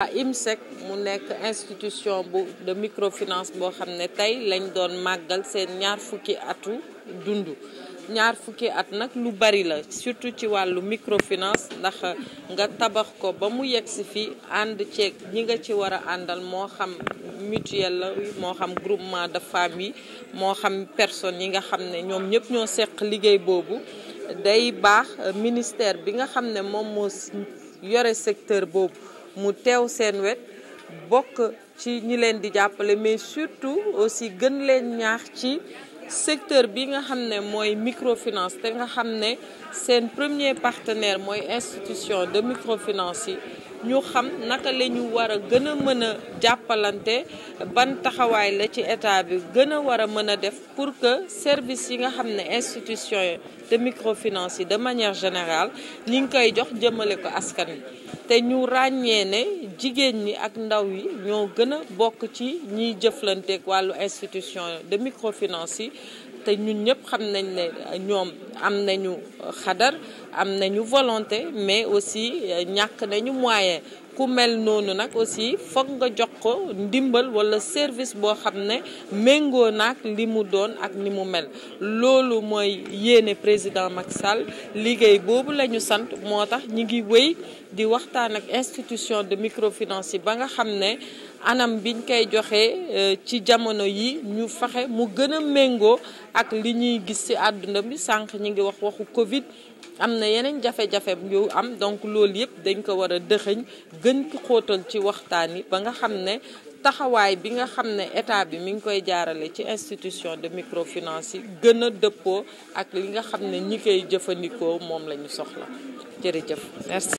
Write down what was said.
waa ah, IMSEC mu nekk institution bu de microfinance boo xam ne tey lañ doon màggal seen ñaar fukki atu dund ñaar fukki at nag lu bari la surtout ci wàllu microfinance ndax nga tabax ko ba mu yegg si fii ànd ceeg ñi nga ci war a àndal moo xam mutuelle la moo xam groupement de femmes yi moo xam personne yi nga xam ne ñoom ñëpp ñoo seq liggéey boobu day baax ministère bi nga xam ne moom moo yore secteur boobu mu teew seen wet bokk ci ñi leen di jàppale mais surtout aussi gën leen ñaax ci secteur bi nga xam ne mooy microfinance te nga xam ne seen premier partenaire mooy institution de microfinance yi ñu xam naka la ñu war a gën a mën a jàppalante ban taxawaay la ci état bi gën a war a mën a def pour que service yi nga xam ne institution de microfinance yi de manière générale ñi ngi koy jox jëmale ko askan wi te ñu ràññee ne jigéen ñi ak ndaw yi ñoo gën a bokk ci ñiy jëflanteeg wàllu institution de microfinance yi te ñun ñëpp xam nañ ne euh, ñoom am nañu euh, xadar am nañu volonté mais aussi euh, ñàkk nañu moyen ku mel noonu nag aussi foog nga jox ko ndimbal walla service boo xam ne méngoo naag li mu doon ak ni mu mel loolu mooy yéene président Macky Sall liggéey boobu la ñu sant moo tax ñi ngi wéy di waxtaan ak institution de microfinance yi ba nga xam ne anam biñ koy joxee euh, ci jamono yi ñu fexe mu gën a méngoo ak li ñuy gis ci àdduna bi sànq ñi ngi wax waxu Covid am na yeneen jafe-jafe yu am donc loolu yëpp dañ ko war dëxëñ gën ci ci waxtaan yi ba nga xam ne taxawaay bi nga xam ne état bi mi ngi koy jaarale ci institution de microfinance yi gën a dëppoo ak li nga xam ne ñi koy jëfandikoo moom la ñu soxla jërëjëf merci